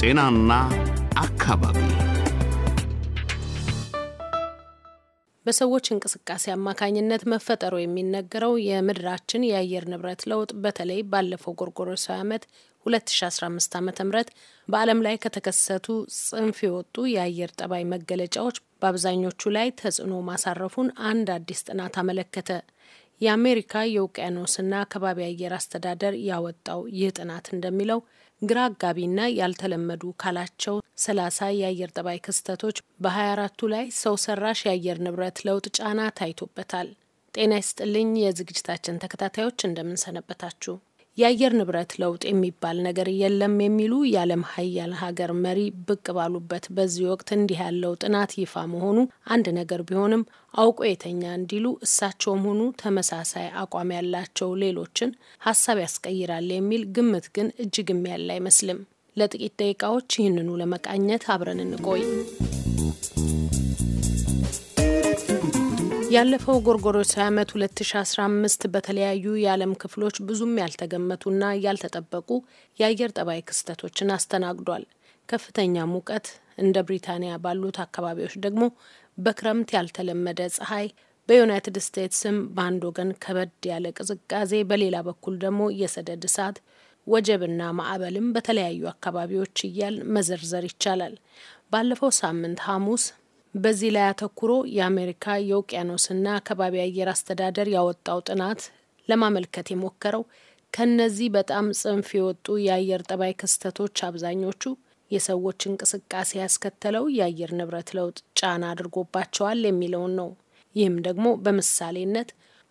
ጤናና አካባቢ በሰዎች እንቅስቃሴ አማካኝነት መፈጠሩ የሚነገረው የምድራችን የአየር ንብረት ለውጥ በተለይ ባለፈው ጎርጎሮሳዊ ዓመት 2015 ዓ ም በዓለም ላይ ከተከሰቱ ጽንፍ የወጡ የአየር ጠባይ መገለጫዎች በአብዛኞቹ ላይ ተጽዕኖ ማሳረፉን አንድ አዲስ ጥናት አመለከተ። የአሜሪካ የውቅያኖስና ከባቢ አየር አስተዳደር ያወጣው ይህ ጥናት እንደሚለው ግራ አጋቢና ያልተለመዱ ካላቸው ሰላሳ የአየር ጠባይ ክስተቶች በሀያ አራቱ ላይ ሰው ሰራሽ የአየር ንብረት ለውጥ ጫና ታይቶበታል። ጤና ይስጥልኝ የዝግጅታችን ተከታታዮች እንደምንሰነበታችሁ የአየር ንብረት ለውጥ የሚባል ነገር የለም የሚሉ የዓለም ሀያል ሀገር መሪ ብቅ ባሉበት በዚህ ወቅት እንዲህ ያለው ጥናት ይፋ መሆኑ አንድ ነገር ቢሆንም አውቆ የተኛ እንዲሉ እሳቸውም ሆኑ ተመሳሳይ አቋም ያላቸው ሌሎችን ሀሳብ ያስቀይራል የሚል ግምት ግን እጅግም ያለ አይመስልም። ለጥቂት ደቂቃዎች ይህንኑ ለመቃኘት አብረን እንቆይ። ያለፈው ጎርጎሮስ ዓመት 2015 በተለያዩ የዓለም ክፍሎች ብዙም ያልተገመቱና ያልተጠበቁ የአየር ጠባይ ክስተቶችን አስተናግዷል። ከፍተኛ ሙቀት፣ እንደ ብሪታንያ ባሉት አካባቢዎች ደግሞ በክረምት ያልተለመደ ፀሐይ፣ በዩናይትድ ስቴትስም በአንድ ወገን ከበድ ያለ ቅዝቃዜ፣ በሌላ በኩል ደግሞ የሰደድ እሳት ወጀብና ማዕበልም በተለያዩ አካባቢዎች እያል መዘርዘር ይቻላል። ባለፈው ሳምንት ሐሙስ በዚህ ላይ አተኩሮ የአሜሪካ የውቅያኖስና አካባቢ አየር አስተዳደር ያወጣው ጥናት ለማመልከት የሞከረው ከነዚህ በጣም ጽንፍ የወጡ የአየር ጠባይ ክስተቶች አብዛኞቹ የሰዎች እንቅስቃሴ ያስከተለው የአየር ንብረት ለውጥ ጫና አድርጎባቸዋል የሚለውን ነው። ይህም ደግሞ በምሳሌነት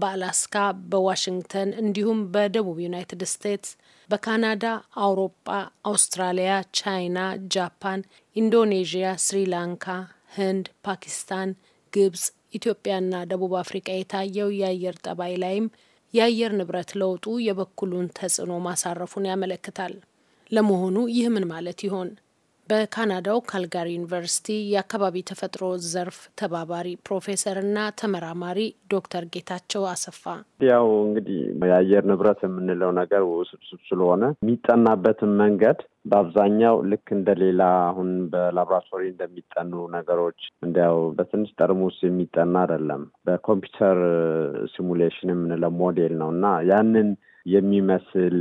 በአላስካ፣ በዋሽንግተን እንዲሁም በደቡብ ዩናይትድ ስቴትስ፣ በካናዳ፣ አውሮፓ፣ አውስትራሊያ፣ ቻይና፣ ጃፓን፣ ኢንዶኔዥያ፣ ስሪላንካ ህንድ፣ ፓኪስታን፣ ግብጽ፣ ኢትዮጵያና ደቡብ አፍሪቃ የታየው የአየር ጠባይ ላይም የአየር ንብረት ለውጡ የበኩሉን ተጽዕኖ ማሳረፉን ያመለክታል። ለመሆኑ ይህ ምን ማለት ይሆን? በካናዳው ካልጋሪ ዩኒቨርሲቲ የአካባቢ ተፈጥሮ ዘርፍ ተባባሪ ፕሮፌሰርና ተመራማሪ ዶክተር ጌታቸው አሰፋ ያው እንግዲህ የአየር ንብረት የምንለው ነገር ውስብስብ ስለሆነ የሚጠናበትን መንገድ በአብዛኛው ልክ እንደሌላ አሁን በላብራቶሪ እንደሚጠኑ ነገሮች እንዲያው በትንሽ ጠርሙስ የሚጠና አይደለም። በኮምፒውተር ሲሙሌሽን የምንለው ሞዴል ነው እና ያንን የሚመስል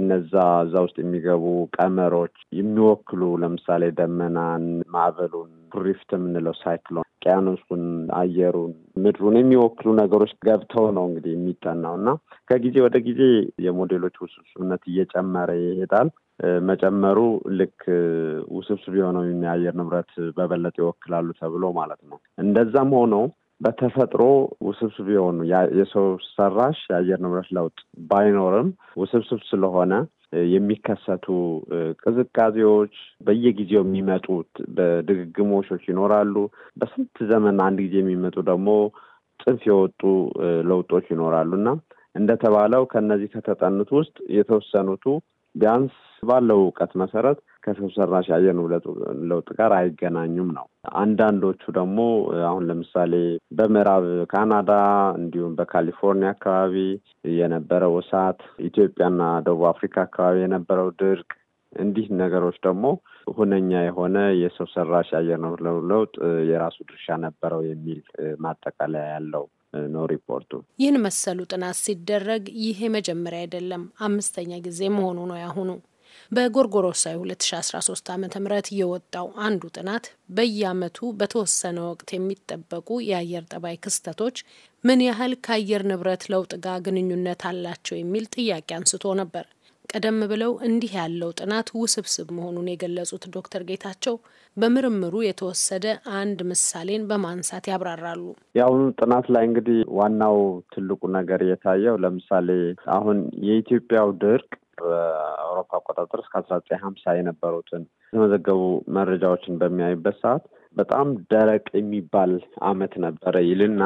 እነዛ እዛ ውስጥ የሚገቡ ቀመሮች የሚወክሉ ለምሳሌ ደመናን፣ ማዕበሉን፣ ኩሪፍት የምንለው ሳይክሎን፣ ቅያኖሱን፣ አየሩን፣ ምድሩን የሚወክሉ ነገሮች ገብተው ነው እንግዲህ የሚጠናው እና ከጊዜ ወደ ጊዜ የሞዴሎች ውስብስብነት እየጨመረ ይሄዳል። መጨመሩ ልክ ውስብስብ የሆነው የአየር ንብረት በበለጠ ይወክላሉ ተብሎ ማለት ነው። እንደዛም ሆኖ በተፈጥሮ ውስብስብ የሆኑ የሰው ሰራሽ የአየር ንብረት ለውጥ ባይኖርም ውስብስብ ስለሆነ የሚከሰቱ ቅዝቃዜዎች በየጊዜው የሚመጡት በድግግሞሾች ይኖራሉ። በስንት ዘመን አንድ ጊዜ የሚመጡ ደግሞ ጥንፍ የወጡ ለውጦች ይኖራሉ እና እንደተባለው ከነዚህ ከተጠኑት ውስጥ የተወሰኑቱ ቢያንስ ባለው እውቀት መሰረት ከሰው ሰራሽ የአየር ንብረት ለውጥ ጋር አይገናኙም ነው። አንዳንዶቹ ደግሞ አሁን ለምሳሌ በምዕራብ ካናዳ እንዲሁም በካሊፎርኒያ አካባቢ የነበረው እሳት፣ ኢትዮጵያና ደቡብ አፍሪካ አካባቢ የነበረው ድርቅ እንዲህ ነገሮች ደግሞ ሁነኛ የሆነ የሰው ሰራሽ የአየር ንብረት ለውጥ የራሱ ድርሻ ነበረው የሚል ማጠቃለያ ያለው ነው ሪፖርቱ። ይህን መሰሉ ጥናት ሲደረግ ይሄ መጀመሪያ አይደለም፣ አምስተኛ ጊዜ መሆኑ ነው ያሁኑ። በጎርጎሮሳዊ 2013 ዓ ም የወጣው አንዱ ጥናት በየአመቱ በተወሰነ ወቅት የሚጠበቁ የአየር ጠባይ ክስተቶች ምን ያህል ከአየር ንብረት ለውጥ ጋር ግንኙነት አላቸው የሚል ጥያቄ አንስቶ ነበር። ቀደም ብለው እንዲህ ያለው ጥናት ውስብስብ መሆኑን የገለጹት ዶክተር ጌታቸው በምርምሩ የተወሰደ አንድ ምሳሌን በማንሳት ያብራራሉ። የአሁኑ ጥናት ላይ እንግዲህ ዋናው ትልቁ ነገር የታየው ለምሳሌ አሁን የኢትዮጵያው ድርቅ በአውሮፓ አቆጣጠር እስከ አስራ ዘጠኝ ሀምሳ የነበሩትን የተመዘገቡ መረጃዎችን በሚያይበት ሰዓት በጣም ደረቅ የሚባል አመት ነበረ ይልና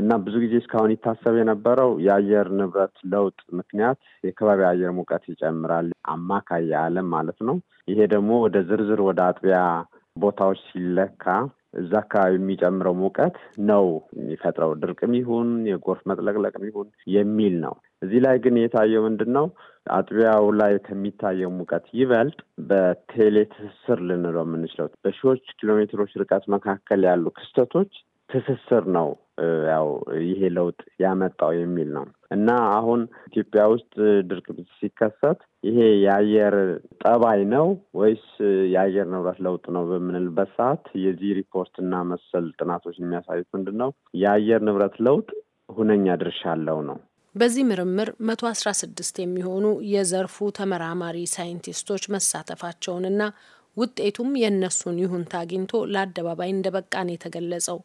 እና ብዙ ጊዜ እስካሁን ይታሰብ የነበረው የአየር ንብረት ለውጥ ምክንያት የከባቢ አየር ሙቀት ይጨምራል፣ አማካይ አለም ማለት ነው። ይሄ ደግሞ ወደ ዝርዝር ወደ አጥቢያ ቦታዎች ሲለካ እዛ አካባቢ የሚጨምረው ሙቀት ነው የሚፈጥረው ድርቅም ይሁን የጎርፍ መጥለቅለቅም ይሁን የሚል ነው። እዚህ ላይ ግን የታየው ምንድን ነው? አጥቢያው ላይ ከሚታየው ሙቀት ይበልጥ በቴሌ ትስስር ልንለው የምንችለው በሺዎች ኪሎ ሜትሮች ርቀት መካከል ያሉ ክስተቶች ትስስር ነው ያው ይሄ ለውጥ ያመጣው የሚል ነው እና አሁን ኢትዮጵያ ውስጥ ድርቅ ሲከሰት ይሄ የአየር ጠባይ ነው ወይስ የአየር ንብረት ለውጥ ነው በምንልበት ሰዓት የዚህ ሪፖርትና መሰል ጥናቶች የሚያሳዩት ምንድን ነው? የአየር ንብረት ለውጥ ሁነኛ ድርሻ አለው ነው። በዚህ ምርምር መቶ አስራ ስድስት የሚሆኑ የዘርፉ ተመራማሪ ሳይንቲስቶች መሳተፋቸውንና ውጤቱም የእነሱን ይሁንታ አግኝቶ ለአደባባይ እንደ በቃን የተገለጸው።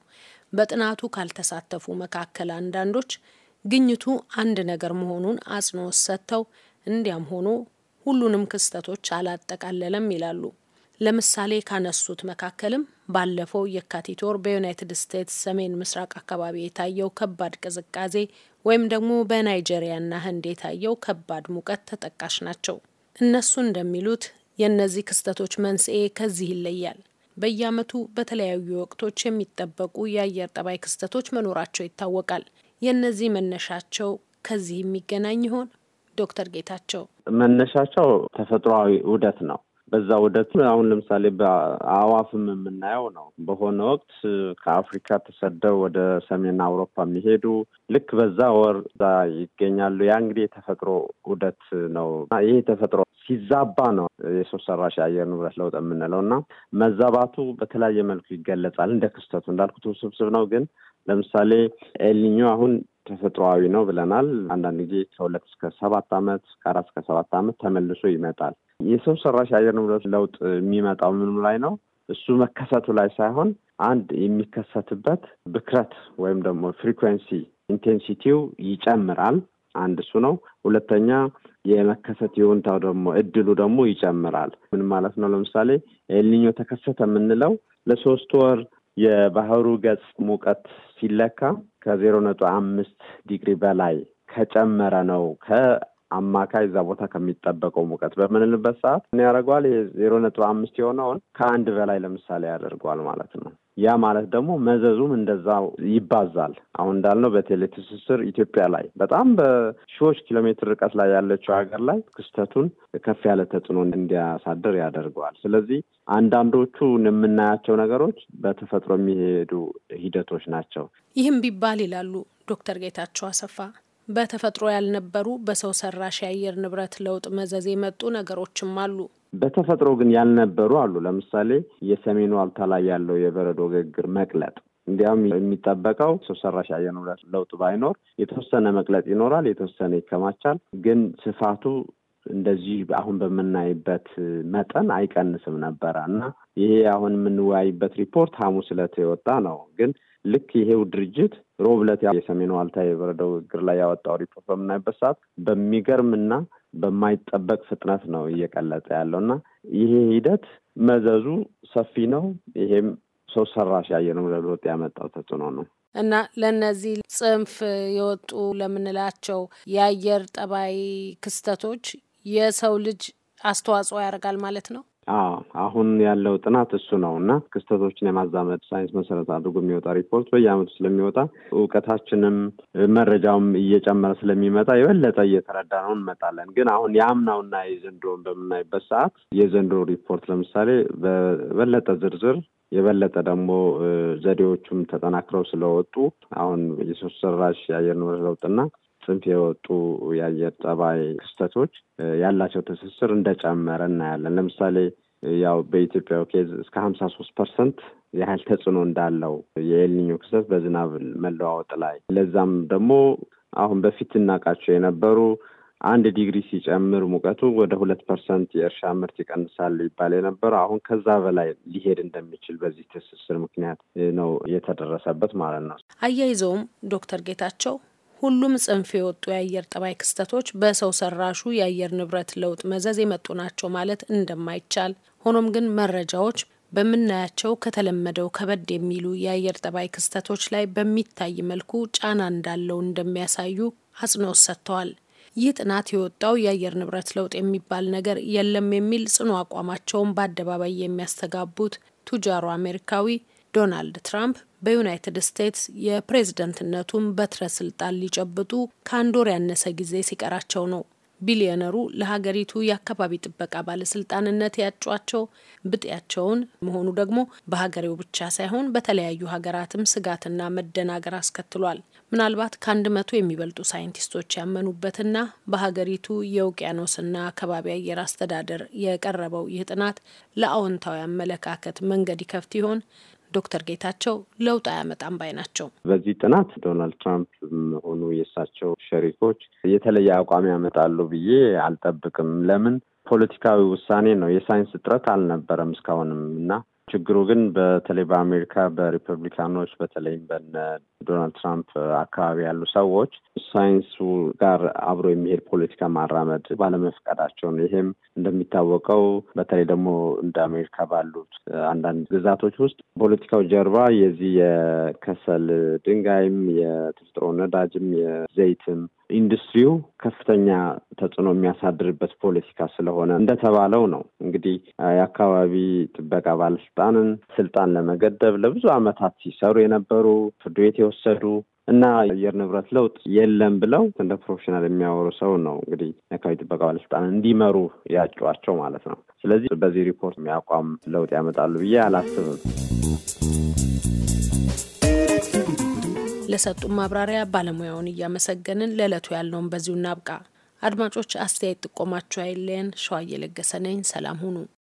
በጥናቱ ካልተሳተፉ መካከል አንዳንዶች ግኝቱ አንድ ነገር መሆኑን አጽንኦት ሰጥተው እንዲያም ሆኖ ሁሉንም ክስተቶች አላጠቃለለም ይላሉ። ለምሳሌ ካነሱት መካከልም ባለፈው የካቲት ወር በዩናይትድ ስቴትስ ሰሜን ምስራቅ አካባቢ የታየው ከባድ ቅዝቃዜ ወይም ደግሞ በናይጄሪያና ህንድ የታየው ከባድ ሙቀት ተጠቃሽ ናቸው። እነሱ እንደሚሉት የእነዚህ ክስተቶች መንስኤ ከዚህ ይለያል። በየዓመቱ በተለያዩ ወቅቶች የሚጠበቁ የአየር ጠባይ ክስተቶች መኖራቸው ይታወቃል። የእነዚህ መነሻቸው ከዚህ የሚገናኝ ይሆን? ዶክተር ጌታቸው መነሻቸው ተፈጥሯዊ ውደት ነው። በዛ ውደት አሁን ለምሳሌ በአዋፍም የምናየው ነው። በሆነ ወቅት ከአፍሪካ ተሰደው ወደ ሰሜን አውሮፓ የሚሄዱ ልክ በዛ ወር ዛ ይገኛሉ። ያ እንግዲህ የተፈጥሮ ውደት ነው። ይህ የተፈጥሮ ሲዛባ ነው የሰው ሰራሽ የአየር ንብረት ለውጥ የምንለው እና መዛባቱ በተለያየ መልኩ ይገለጻል። እንደ ክስተቱ እንዳልኩት ውስብስብ ነው ግን ለምሳሌ ኤልኒኞ አሁን ተፈጥሯዊ ነው ብለናል። አንዳንድ ጊዜ ከሁለት እስከ ሰባት ዓመት ከአራት እስከ ሰባት ዓመት ተመልሶ ይመጣል። የሰው ሰራሽ የአየር ንብረት ለውጥ የሚመጣው ምንም ላይ ነው እሱ መከሰቱ ላይ ሳይሆን አንድ የሚከሰትበት ብክረት ወይም ደግሞ ፍሪኩዌንሲ ኢንቴንሲቲው ይጨምራል። አንድ እሱ ነው። ሁለተኛ የመከሰት የሁንታው ደግሞ እድሉ ደግሞ ይጨምራል። ምን ማለት ነው? ለምሳሌ ኤልኒኞ ተከሰተ የምንለው ለሶስት ወር የባህሩ ገጽ ሙቀት ሲለካ ከዜሮ ነጥብ አምስት ዲግሪ በላይ ከጨመረ ነው ከአማካይ እዛ ቦታ ከሚጠበቀው ሙቀት በምንልበት ሰዓት ያደርገዋል። የዜሮ ነጥብ አምስት የሆነውን ከአንድ በላይ ለምሳሌ ያደርገዋል ማለት ነው። ያ ማለት ደግሞ መዘዙም እንደዛ ይባዛል። አሁን እንዳልነው በቴሌ ትስስር ኢትዮጵያ ላይ በጣም በሺዎች ኪሎ ሜትር ርቀት ላይ ያለችው ሀገር ላይ ክስተቱን ከፍ ያለ ተጽዕኖ እንዲያሳድር ያደርገዋል። ስለዚህ አንዳንዶቹ የምናያቸው ነገሮች በተፈጥሮ የሚሄዱ ሂደቶች ናቸው። ይህም ቢባል ይላሉ ዶክተር ጌታቸው አሰፋ በተፈጥሮ ያልነበሩ በሰው ሰራሽ የአየር ንብረት ለውጥ መዘዝ የመጡ ነገሮችም አሉ። በተፈጥሮ ግን ያልነበሩ አሉ። ለምሳሌ የሰሜኑ ዋልታ ላይ ያለው የበረዶ ግግር መቅለጥ እንዲያውም የሚጠበቀው ሰው ሰራሽ አየር ንብረት ለውጥ ባይኖር የተወሰነ መቅለጥ ይኖራል፣ የተወሰነ ይከማቻል። ግን ስፋቱ እንደዚህ አሁን በምናይበት መጠን አይቀንስም ነበረ እና ይሄ አሁን የምንወያይበት ሪፖርት ሐሙስ ዕለት የወጣ ነው። ግን ልክ ይሄው ድርጅት ሮብ ዕለት የሰሜን ዋልታ የበረዶ ግግር ላይ ያወጣው ሪፖርት በምናይበት ሰዓት በሚገርምና በማይጠበቅ ፍጥነት ነው እየቀለጠ ያለው እና ይሄ ሂደት መዘዙ ሰፊ ነው። ይሄም ሰው ሰራሽ የአየር ንብረት ለውጥ ያመጣው ተጽዕኖ ነው እና ለእነዚህ ጽንፍ የወጡ ለምንላቸው የአየር ጠባይ ክስተቶች የሰው ልጅ አስተዋጽኦ ያደርጋል ማለት ነው። አሁን ያለው ጥናት እሱ ነው እና ክስተቶችን የማዛመድ ሳይንስ መሰረት አድርጎ የሚወጣ ሪፖርት በየአመቱ ስለሚወጣ እውቀታችንም መረጃውም እየጨመረ ስለሚመጣ የበለጠ እየተረዳ ነው እንመጣለን። ግን አሁን የአምናውና የዘንድሮን በምናይበት ሰዓት የዘንድሮ ሪፖርት ለምሳሌ በበለጠ ዝርዝር የበለጠ ደግሞ ዘዴዎቹም ተጠናክረው ስለወጡ አሁን የሰው ሰራሽ የአየር ንብረት ለውጥና ጥንት የወጡ የአየር ጠባይ ክስተቶች ያላቸው ትስስር እንደጨመረ እናያለን። ለምሳሌ ያው በኢትዮጵያ ኬዝ እስከ ሀምሳ ሶስት ፐርሰንት ያህል ተጽዕኖ እንዳለው የኤልኒኞ ክስተት በዝናብ መለዋወጥ ላይ ለዛም ደግሞ አሁን በፊት እናውቃቸው የነበሩ አንድ ዲግሪ ሲጨምር ሙቀቱ ወደ ሁለት ፐርሰንት የእርሻ ምርት ይቀንሳል ይባል የነበረው አሁን ከዛ በላይ ሊሄድ እንደሚችል በዚህ ትስስር ምክንያት ነው የተደረሰበት ማለት ነው። አያይዘውም ዶክተር ጌታቸው ሁሉም ጽንፍ የወጡ የአየር ጠባይ ክስተቶች በሰው ሰራሹ የአየር ንብረት ለውጥ መዘዝ የመጡ ናቸው ማለት እንደማይቻል፣ ሆኖም ግን መረጃዎች በምናያቸው ከተለመደው ከበድ የሚሉ የአየር ጠባይ ክስተቶች ላይ በሚታይ መልኩ ጫና እንዳለው እንደሚያሳዩ አጽንኦት ሰጥተዋል። ይህ ጥናት የወጣው የአየር ንብረት ለውጥ የሚባል ነገር የለም የሚል ጽኑ አቋማቸውን በአደባባይ የሚያስተጋቡት ቱጃሩ አሜሪካዊ ዶናልድ ትራምፕ በዩናይትድ ስቴትስ የፕሬዝደንትነቱን በትረ ስልጣን ሊጨብጡ ከአንድ ወር ያነሰ ጊዜ ሲቀራቸው ነው ቢሊዮነሩ ለሀገሪቱ የአካባቢ ጥበቃ ባለስልጣንነት ያጯቸው ብጤያቸውን መሆኑ ደግሞ በሀገሬው ብቻ ሳይሆን በተለያዩ ሀገራትም ስጋትና መደናገር አስከትሏል። ምናልባት ከአንድ መቶ የሚበልጡ ሳይንቲስቶች ያመኑበትና በሀገሪቱ የውቅያኖስና አካባቢ አየር አስተዳደር የቀረበው ይህ ጥናት ለአዎንታዊ አመለካከት መንገድ ይከፍት ይሆን? ዶክተር ጌታቸው ለውጥ አያመጣም ባይ ናቸው። በዚህ ጥናት ዶናልድ ትራምፕ ሆኑ የእሳቸው ሸሪኮች የተለየ አቋም ያመጣሉ ብዬ አልጠብቅም። ለምን ፖለቲካዊ ውሳኔ ነው። የሳይንስ እጥረት አልነበረም እስካሁንም እና ችግሩ ግን በተለይ በአሜሪካ በሪፐብሊካኖች በተለይም በነ ዶናልድ ትራምፕ አካባቢ ያሉ ሰዎች ሳይንሱ ጋር አብሮ የሚሄድ ፖለቲካ ማራመድ ባለመፍቀዳቸው ነው። ይሄም እንደሚታወቀው በተለይ ደግሞ እንደ አሜሪካ ባሉት አንዳንድ ግዛቶች ውስጥ ፖለቲካው ጀርባ የዚህ የከሰል ድንጋይም የተፈጥሮ ነዳጅም የዘይትም ኢንዱስትሪው ከፍተኛ ተጽዕኖ የሚያሳድርበት ፖለቲካ ስለሆነ እንደተባለው ነው እንግዲህ የአካባቢ ጥበቃ ባለስልጣንን ስልጣን ለመገደብ ለብዙ ዓመታት ሲሰሩ የነበሩ ፍርድ ቤት ወሰዱ እና አየር ንብረት ለውጥ የለም ብለው እንደ ፕሮፌሽናል የሚያወሩ ሰው ነው እንግዲህ የአካባቢ ጥበቃ ባለስልጣን እንዲመሩ ያጯቸው ማለት ነው። ስለዚህ በዚህ ሪፖርት የሚያቋም ለውጥ ያመጣሉ ብዬ አላስብም። ለሰጡን ማብራሪያ ባለሙያውን እያመሰገንን ለዕለቱ ያልነውን በዚሁ እናብቃ። አድማጮች አስተያየት ጥቆማችሁ አይለየን። ሸዋ እየለገሰ ነኝ። ሰላም ሁኑ።